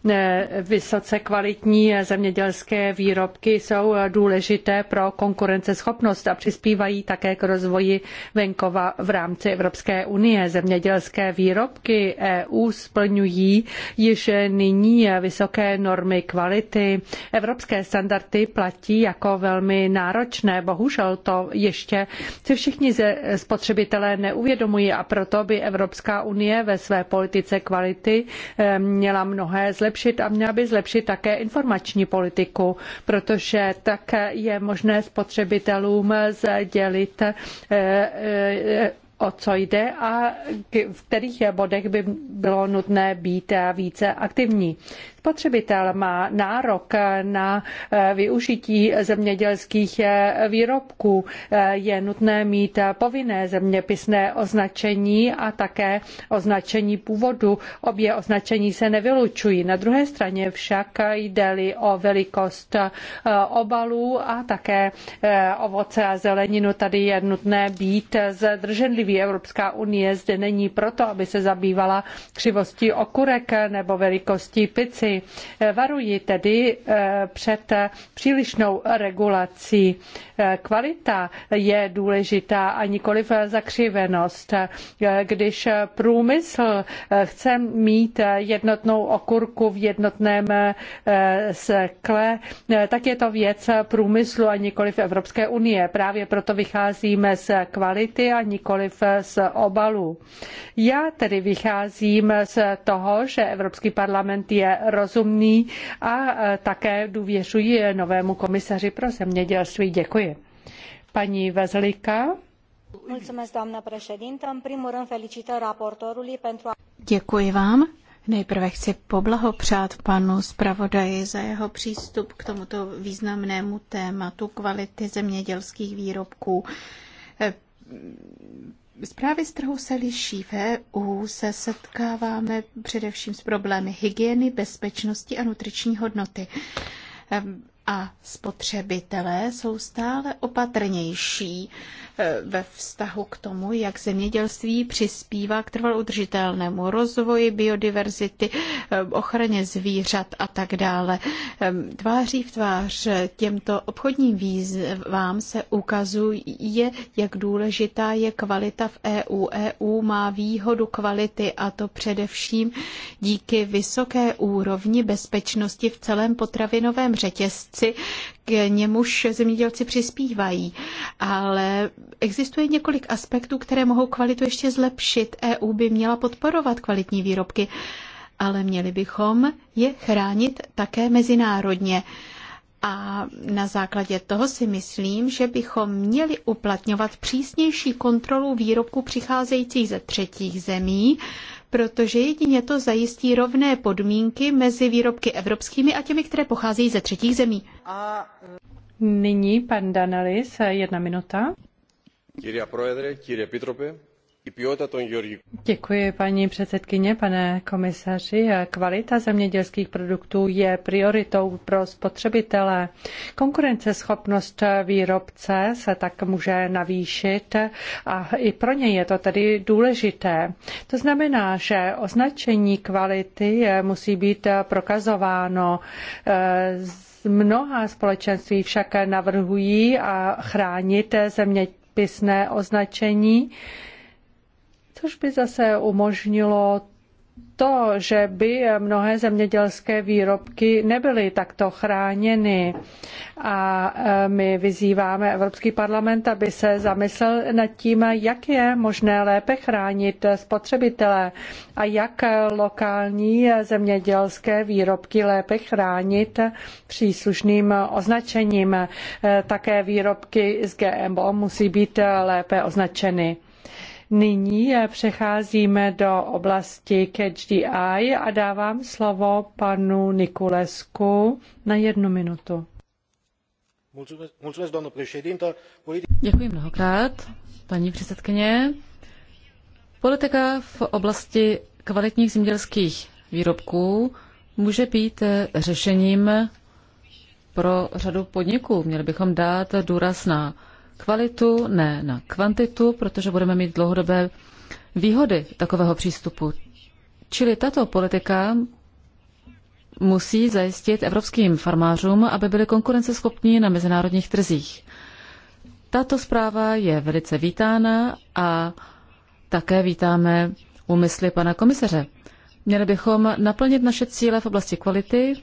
Eh, vysoce kvalitní zemědělské výrobky jsou eh, důležité pro konkurenceschopnost a přispívají také k rozvoji venkova v rámci Evropské unie. Zemědělské výrobky EU splňují již nyní vysoké normy kvality. Evropské standardy platí jako velmi náročné bohužel to ještě si všichni ze spotřebitelé neuvědomují a proto by Evropská unie ve své politice kvality eh, měla mnohé zlepšit a měla by zlepšit také informační politiku, protože tak je možné spotřebitelům sdělit eh, eh, o co jde a v kterých bodech by bylo nutné být více aktivní. Spotřebitel má nárok na eh, využití zemědělských eh, výrobků. Eh, je nutné mít povinné zeměpisné označení a také označení původu. Obě označení se nevylučují. Na druhé straně však jde-li o velikost obalů a také ovoce a zeleninu, tady je nutné být zdrženlivý. Evropská unie zde není proto, aby se zabývala křivostí okurek nebo velikostí pici kontroly. Varuji tedy eh, před přílišnou regulací. Eh, kvalita je důležitá a nikoliv zakřivenost. Eh, když průmysl chce mít jednotnou okurku v jednotném skle, tak je to věc průmyslu a nikoliv Evropské unie. Právě proto vycházíme z kvality a nikoliv z obalu. Já tedy vycházím z toho, že Evropský parlament je roz rozumný a e, také důvěřuji novému komisaři pro zemědělství. Děkuji. Paní Vezlika. Děkuji vám. Nejprve chci poblahopřát panu zpravodaji za jeho přístup k tomuto významnému tématu kvality zemědělských výrobků Zprávy z trhu se liší. V EU se setkáváme především s problémy hygieny, bezpečnosti a nutriční hodnoty. Ehm, a spotřebitelé jsou stále opatrnější eh, ve vztahu k tomu, jak zemědělství přispívá k trvalo udržitelnému rozvoji biodiverzity, eh, ochraně zvířat a tak dále. Ehm, tváří v tvář těmto obchodním výzvám se ukazuje, jak důležitá je kvalita v EU. EU má výhodu kvality a to především díky vysoké úrovni bezpečnosti v celém potravinovém řetězci produkci, k němuž zemědělci přispívají. Ale existuje několik aspektů, které mohou kvalitu ještě zlepšit. EU by měla podporovat kvalitní výrobky, ale měli bychom je chránit také mezinárodně. A na základě toho si myslím, že bychom měli uplatňovat přísnější kontrolu výrobků přicházejících ze třetích zemí, protože jedině to zajistí rovné podmínky mezi výrobky evropskými a těmi, které pocházejí ze třetích zemí. A... Nyní pan Danelis, jedna minuta. Kyria projedre, kyrie pitrope, Děkuji, paní předsedkyně, pane komisaři. Kvalita zemědělských produktů je prioritou pro spotřebitele. Konkurenceschopnost výrobce se tak může navýšit a i pro ně je to tedy důležité. To znamená, že označení kvality musí být prokazováno Mnoha společenství však navrhují a chránit zeměpisné označení což by zase umožnilo to, že by mnohé zemědělské výrobky nebyly takto chráněny. A e, my vyzýváme Evropský parlament, aby se zamyslel nad tím, jak je možné lépe chránit spotřebitele a jak lokální zemědělské výrobky lépe chránit příslušným označením. E, také výrobky z GMO musí být lépe označeny. Nyní přecházíme do oblasti Catch the Eye a dávám slovo panu Nikulesku na jednu minutu. Děkuji mnohokrát, paní předsedkyně. Politika v oblasti kvalitních zemědělských výrobků může být řešením pro řadu podniků. Měli bychom dát důraz na kvalitu, ne na kvantitu, protože budeme mít dlouhodobé výhody takového přístupu. Čili tato politika musí zajistit evropským farmářům, aby byli konkurenceschopní na mezinárodních trzích. Tato zpráva je velice vítána a také vítáme úmysly pana komisaře. Měli bychom naplnit naše cíle v oblasti kvality,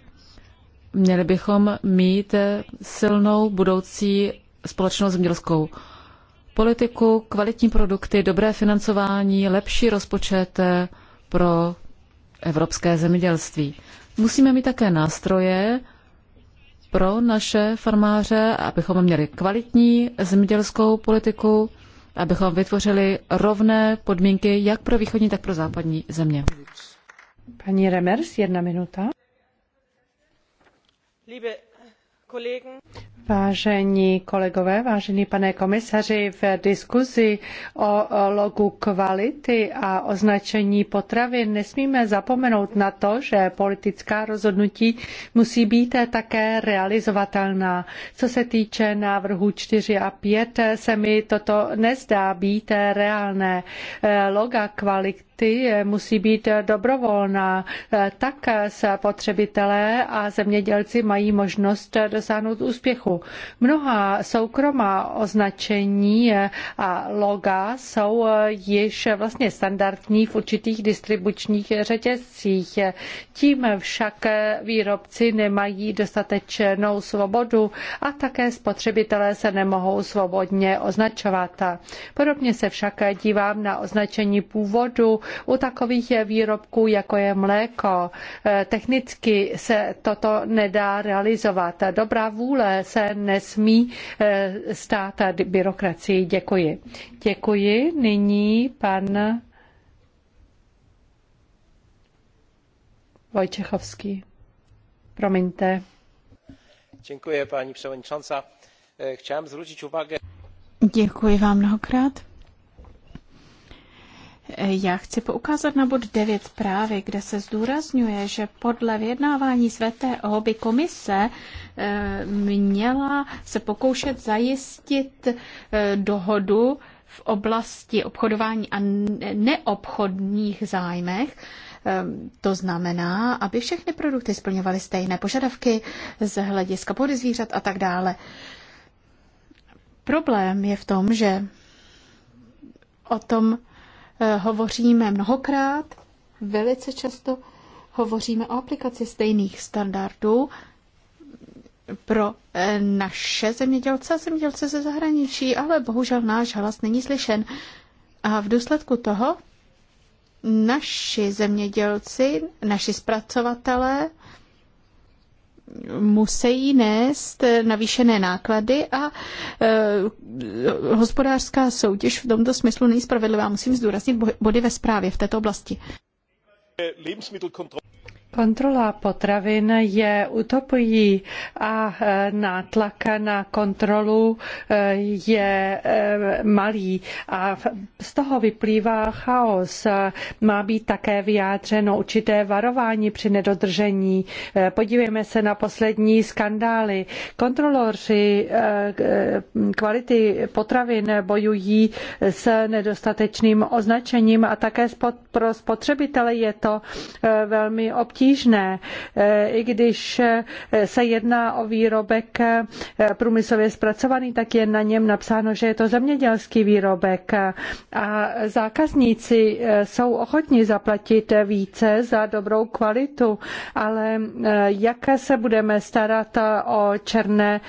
měli bychom mít silnou budoucí společnou zemědělskou politiku, kvalitní produkty, dobré financování, lepší rozpočet eh, pro evropské zemědělství. Musíme mít také nástroje pro naše farmáře, abychom měli kvalitní zemědělskou politiku, abychom vytvořili rovné podmínky jak pro východní, tak pro západní země. Paní Remers, jedna minuta. Vážení kolegové, vážený pane komisaři, v diskuzi o logu kvality a označení potravin nesmíme zapomenout na to, že politická rozhodnutí musí být také realizovatelná. Co se týče návrhů 4 a 5, se mi toto nezdá být reálné. Loga kvality ty eh, musí být eh, dobrovolná. Eh, tak spotřebitelé a zemědělci mají možnost dosáhnout úspěchu. Mnoha soukromá označení a loga jsou již vlastně standardní v určitých distribučních řetězcích. Tím však výrobci nemají dostatečnou svobodu a také spotřebitelé se nemohou svobodně označovat. Podobně se však dívám na označení původu u takových výrobků, jako je mléko. Eh, technicky se toto nedá realizovat. Dobrá vůle se nesmí eh, stát byrokracii. Děkuji. Děkuji. Nyní pan Wojciechowski. Promiňte. Děkuji, paní předsedající. Eh, Chciałem zwrócić uwagę. Děkuji vám mnohokrát. Já chci poukázat na bod 9 právě, kde se zdůrazňuje, že podle vyjednávání s VTO by komise eh, měla se pokoušet zajistit eh, dohodu v oblasti obchodování a neobchodních zájmech, eh, to znamená, aby všechny produkty splňovaly stejné požadavky z hlediska pohody zvířat a tak dále. Problém je v tom, že o tom Eh, hovoříme mnohokrát, velice často hovoříme o aplikaci stejných standardů pro eh, naše zemědělce a zemědělce ze zahraničí, ale bohužel náš hlas není slyšen. A v důsledku toho naši zemědělci, naši zpracovatelé musí nést navýšené náklady a e, hospodářská soutěž v tomto smyslu není spravedlivá. Musím zdůraznit body ve zprávě v této oblasti. Kontrola potravin je utopií a e, nátlak na kontrolu e, je e, malý a z toho vyplývá chaos. Má být také vyjádřeno určité varování při nedodržení. Podívejme se na poslední skandály. Kontroloři kvality potravin bojují s nedostatečným označením a také pro spotřebitele je to velmi obtížné obtížné, eh, i když eh, se jedná o výrobek eh, průmyslově zpracovaný, tak je na něm napsáno, že je to zemědělský výrobek a zákazníci jsou ochotni zaplatit více za dobrou kvalitu, ale jak se budeme starat o černé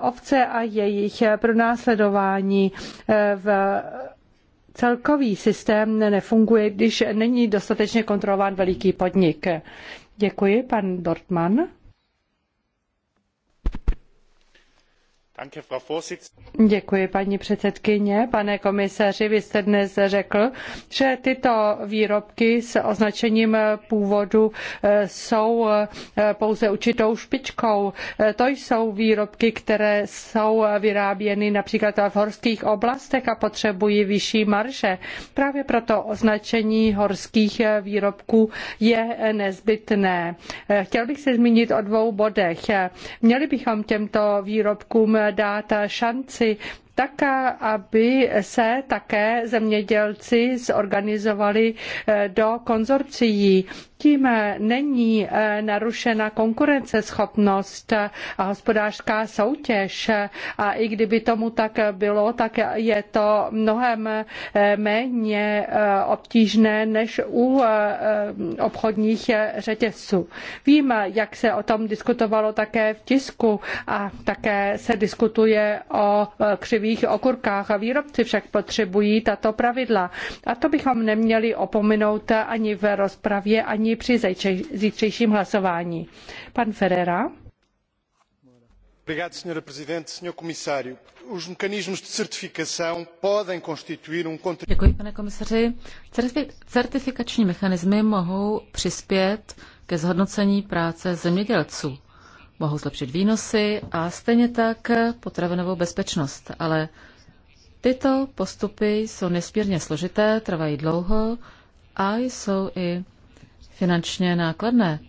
ovce a jejich pronásledování v celkový systém nefunguje, když není dostatečně kontrolován veliký podnik. Děkuji, pan Dortman. Děkuji, paní předsedkyně. Pane komisaři, vy jste dnes řekl, že tyto výrobky s označením původu eh, jsou eh, pouze určitou špičkou. Eh, to jsou výrobky, které jsou vyráběny například v horských oblastech a potřebují vyšší marže. Právě proto označení horských výrobků je nezbytné. Chtěl bych se zmínit o dvou bodech. Měli bychom těmto výrobkům dát šanci tak aby se také zemědělci zorganizovali eh, do konzorcií. Tím eh, není eh, narušena konkurenceschopnost a hospodářská soutěž. A i kdyby tomu tak bylo, tak je to mnohem méně obtížné než u obchodních řetězců. Vím, jak se o tom diskutovalo také v tisku a také se diskutuje o křivě jednotlivých okurkách a výrobci však potřebují tato pravidla. A to bychom neměli opominout ani v rozpravě, ani při zítřejším hlasování. Pan Ferreira. Obrigado, Sra. Presidente. Sr. Comissário, os mecanismos de certificação podem constituir um contributo. Děkuji, pane komisaři. Certifikační mechanismy mohou přispět ke zhodnocení práce zemědělců mohou zlepšit výnosy a stejně tak potravinovou bezpečnost. Ale tyto postupy jsou nesmírně složité, trvají dlouho a jsou i finančně nákladné.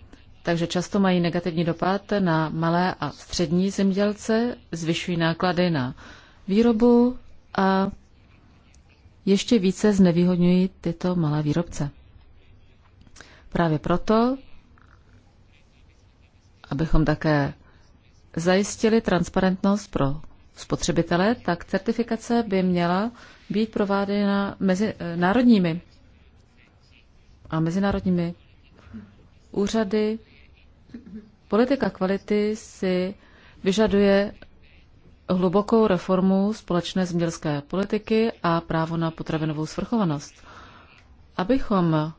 Takže často mají negativní dopad na malé a střední zemědělce, zvyšují náklady na výrobu a ještě více znevýhodňují tyto malé výrobce. Právě proto abychom také zajistili transparentnost pro spotřebitele, tak certifikace by měla být prováděna mezi eh, národními a mezinárodními úřady. Politika kvality si vyžaduje hlubokou reformu společné zemědělské politiky a právo na potravinovou svrchovanost. Abychom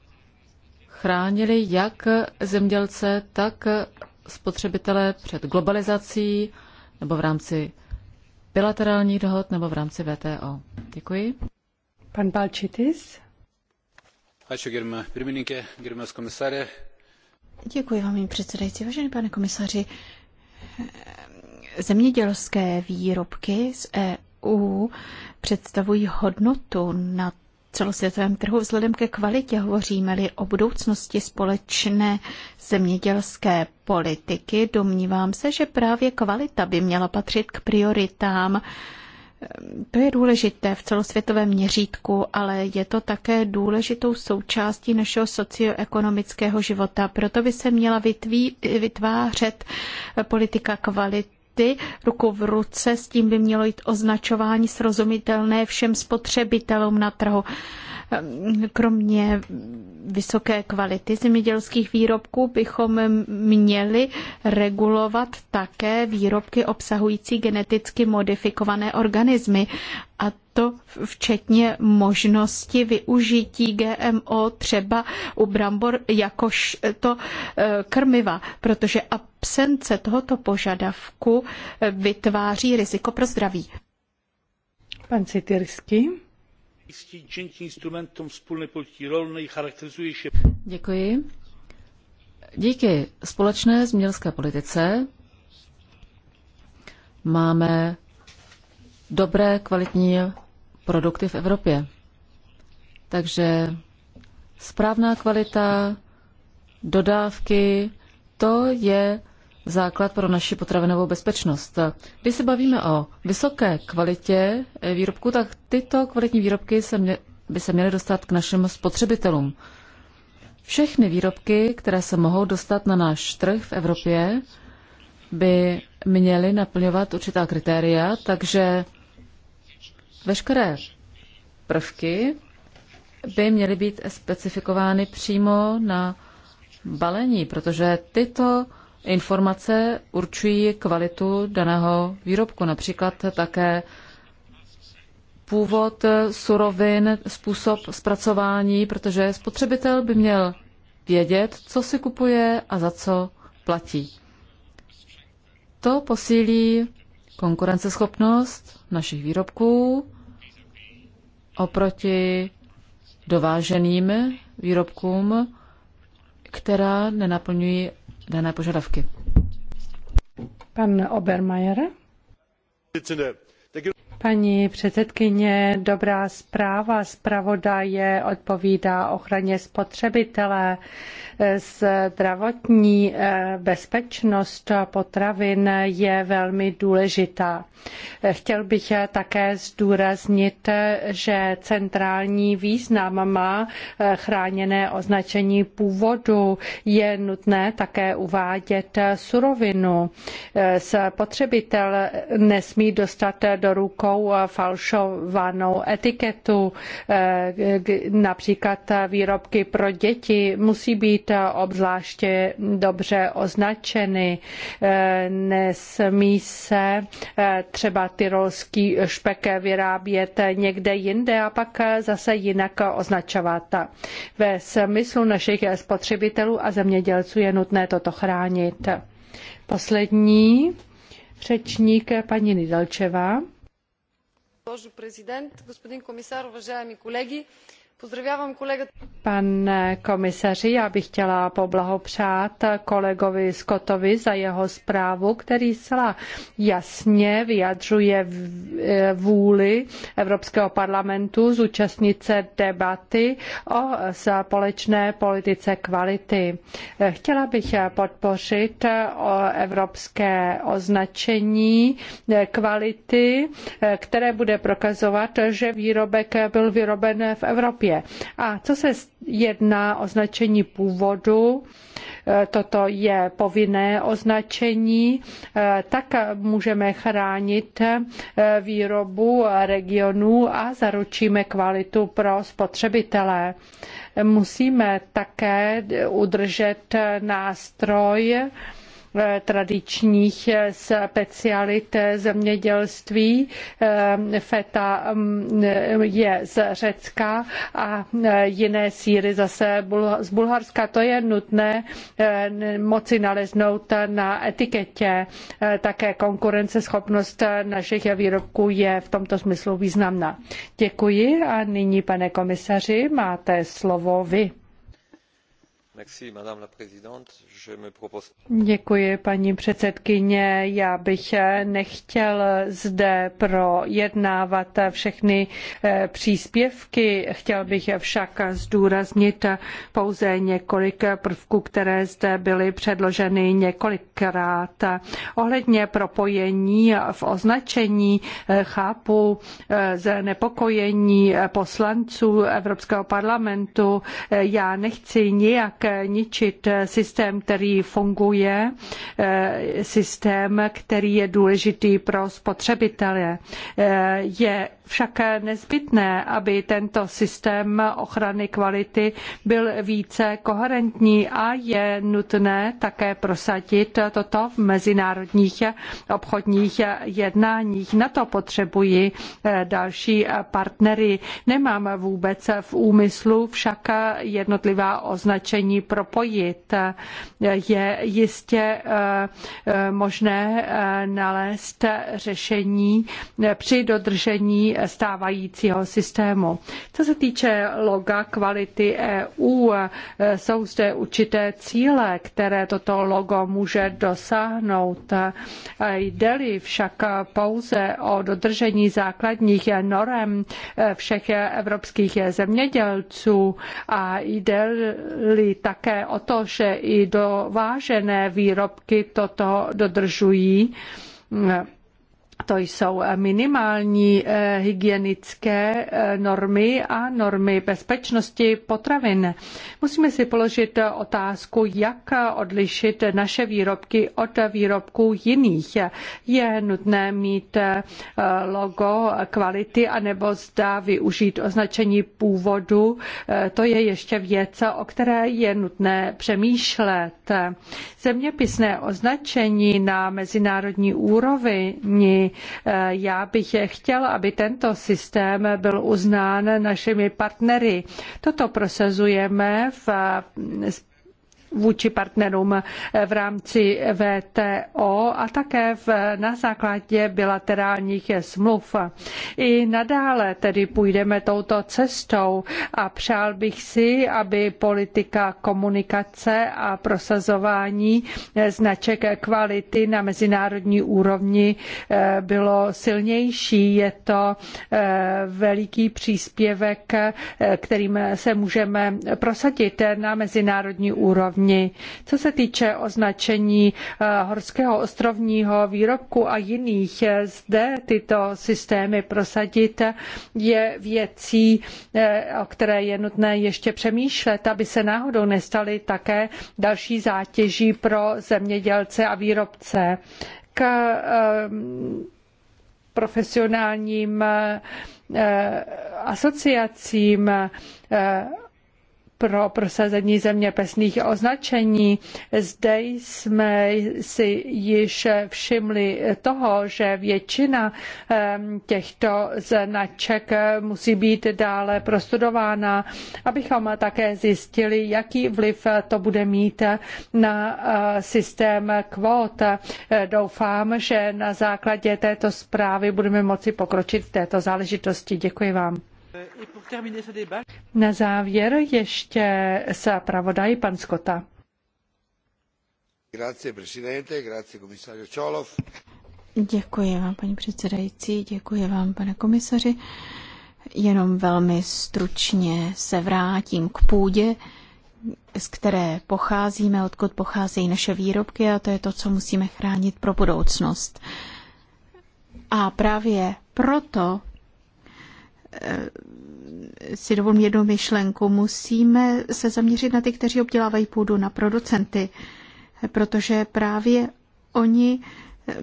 chránili jak zemědělce, tak spotřebitele před globalizací nebo v rámci bilaterálních dohod nebo v rámci VTO. Děkuji. Pan Balčitis. Ačiū, gerima pirmininkė, gerimas komisarė. Děkuji vám, mým předsedající. Vážený pane komisaři, zemědělské výrobky z EU představují hodnotu nad celosvětovém trhu vzhledem ke kvalitě. Hovoříme-li o budoucnosti společné zemědělské politiky, domnívám se, že právě kvalita by měla patřit k prioritám. To je důležité v celosvětovém měřítku, ale je to také důležitou součástí našeho socioekonomického života. Proto by se měla vytví, vytvářet politika kvality ty ruku v ruce s tím by mělo jít označování srozumitelné všem spotřebitelům na trhu. Kromě vysoké kvality zemědělských výrobků bychom měli regulovat také výrobky obsahující geneticky modifikované organismy a to včetně možnosti využití GMO třeba u brambor jakož to eh, krmiva, protože absence tohoto požadavku eh, vytváří riziko pro zdraví. Pan Cityrsky dzięki instrumentom wspólnej polityki rolnej charakteryzuje się... Děkuji. Díky společné zemědělské politice máme dobré, kvalitní produkty v Evropě. Takže správná kvalita, dodávky, to je základ pro naši potravinovou bezpečnost. Když se bavíme o vysoké kvalitě eh, výrobku, tak tyto kvalitní výrobky se mě, by se měly dostat k našim spotřebitelům. Všechny výrobky, které se mohou dostat na náš trh v Evropě, by měly naplňovat určitá kritéria, takže veškeré prvky by měly být specifikovány přímo na balení, protože tyto informace určují kvalitu daného výrobku, například také původ surovin, způsob zpracování, protože spotřebitel by měl vědět, co si kupuje a za co platí. To posílí konkurenceschopnost našich výrobků oproti dováženým výrobkům, která nenaplňují dané požadavky. Pan Obermajer. Paní předsedkyně, dobrá zpráva. je odpovídá ochraně spotřebitele. Eh, zdravotní eh, bezpečnost potravin je velmi důležitá. Eh, chtěl bych také zdůraznit, že centrální význam má chráněné označení původu. Je nutné také uvádět surovinu. Spotřebitel nesmí dostat do rukou falšovanou etiketu. Například výrobky pro děti musí být být obzvláště dobře označeny. Eh, nesmí se eh, třeba tyrolský špek vyrábět někde jinde a pak eh, zase jinak označovat. Ve smyslu našich spotřebitelů a zemědělců je nutné toto chránit. Poslední řečník paní Nidalčeva. pane президент, господин комисар, vážení kolegy. Pozdravím kolega. Pane komisaři, já bych chtěla poblahopřát kolegovi Scottovi za jeho zprávu, který zcela jasně vyjadřuje eh, vůli Evropského parlamentu zúčastnit se debaty o společné politice kvality. Eh, chtěla bych podpořit evropské označení eh, kvality, které bude prokazovat, že výrobek byl vyroben v Evropě. Evropě. A co se jedná o označení původu, eh, toto je povinné označení, eh, tak můžeme chránit eh, výrobu regionů a zaručíme kvalitu pro spotřebitele. Musíme také udržet nástroj, Eh, tradičních eh, specialit eh, zemědělství. Feta mm, je z Řecka a jiné síry zase z Bulharska. To je nutné moci naleznout na etiketě. Také konkurenceschopnost našich výrobků je v tomto smyslu významná. Děkuji a nyní, pane komisaři, máte slovo vy. Děkuji, paní předsedkyně. Já bych eh, nechtěl zde projednávat všechny eh, příspěvky. Chtěl bych však zdůraznit pouze několik prvků, které zde byly předloženy několikrát. Ohledně propojení v označení eh, chápu znepokojení poslanců Evropského parlamentu. Já nechci nijak ničit eh, systém, který funguje, eh, systém, který je důležitý pro spotřebitele. Eh, je však nezbytné, aby tento systém ochrany kvality byl více koherentní a je nutné také prosadit toto v mezinárodních obchodních jednáních. Na to potřebují další partnery. Nemám vůbec v úmyslu však jednotlivá označení opatření propojit. Je jistě eh, eh, možné eh, nalézt řešení při dodržení stávajícího systému. Co se týče loga kvality EU, jsou zde určité cíle, které toto logo může dosáhnout. Jde-li však pouze o dodržení základních norem všech evropských zemědělců a jde-li také o to, že i dovážené výrobky toto dodržují to jsou minimální eh, hygienické eh, normy a normy bezpečnosti potravin. Musíme si položit eh, otázku, jak odlišit naše výrobky od výrobků jiných. Je nutné mít logo kvality anebo zda využít označení původu. To je ještě věc, o které je nutné přemýšlet. Zeměpisné označení na mezinárodní úrovni Eh, já bych chtěl, aby tento systém byl uznán našimi partnery. Toto prosazujeme v vůči partnerům v rámci VTO a také na základě bilaterálních smluv. I nadále tedy půjdeme touto cestou a přál bych si, aby politika komunikace a prosazování značek kvality na mezinárodní úrovni eh, bylo silnější. Je to eh, veliký příspěvek, eh, kterým se můžeme prosadit na mezinárodní úrovni úrovni. Co se týče označení eh, horského ostrovního výrobku a jiných, eh, zde tyto systémy prosadit je věcí, eh, o které je nutné ještě přemýšlet, aby se náhodou nestaly také další zátěží pro zemědělce a výrobce. K profesionálním asociacím pro prosazení zeměpisných označení. Zde jsme si již všimli toho, že většina těchto značek musí být dále prostudována, abychom také zjistili, jaký vliv to bude mít na e, systém kvót. Doufám, že na základě této zprávy budeme moci pokročit v této záležitosti. Děkuji vám. Na závěr ještě se pravodají pan Skota. Děkuji vám, paní předsedající, děkuji vám, pane komisaři. Jenom velmi stručně se vrátím k půdě, z které pocházíme, odkud pocházejí naše výrobky a to je to, co musíme chránit pro budoucnost. A právě proto Eh, si dovolím jednu myšlenku. Musíme se zaměřit na ty, kteří obdělávají půdu, na producenty, eh, protože právě oni eh,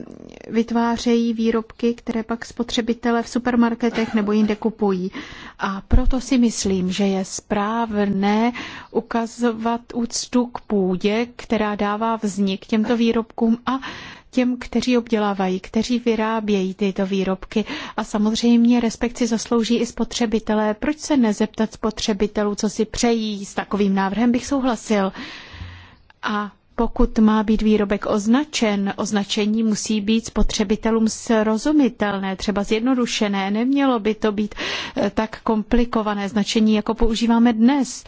vytvářejí výrobky, které pak spotřebitele v supermarketech nebo jinde kupují. A proto si myslím, že je správné ukazovat úctu k půdě, která dává vznik těmto výrobkům a těm, kteří obdělávají, kteří vyrábějí tyto výrobky. A samozřejmě respekci zaslouží i spotřebitelé. Proč se nezeptat spotřebitelů, co si přejí? S takovým návrhem bych souhlasil. A pokud má být výrobek označen, označení musí být spotřebitelům srozumitelné, třeba zjednodušené. Nemělo by to být eh, tak komplikované značení, jako používáme dnes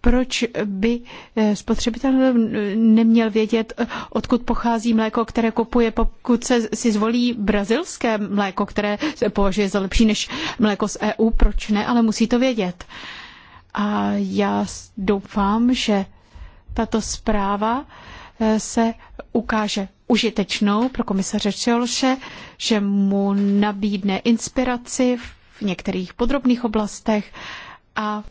proč by eh, spotřebitel neměl vědět, eh, odkud pochází mléko, které kupuje, pokud se si zvolí brazilské mléko, které se považuje za lepší než mléko z EU, proč ne, ale musí to vědět. A já doufám, že tato zpráva eh, se ukáže užitečnou pro komisaře Čelše, že mu nabídne inspiraci v některých podrobných oblastech a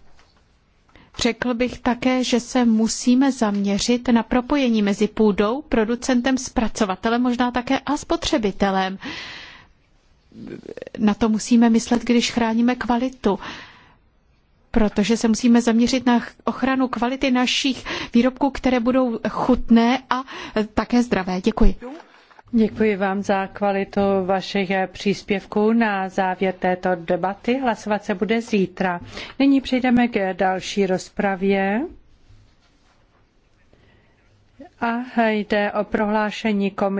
Řekl bych také, že se musíme zaměřit na propojení mezi půdou, producentem, zpracovatelem, možná také a spotřebitelem. Na to musíme myslet, když chráníme kvalitu protože se musíme zaměřit na ochranu kvality našich výrobků, které budou chutné a také zdravé. Děkuji. Děkuji vám za kvalitu vašich příspěvků na závěr této debaty. Hlasovat se bude zítra. Nyní přejdeme k další rozpravě. A jde o prohlášení komise.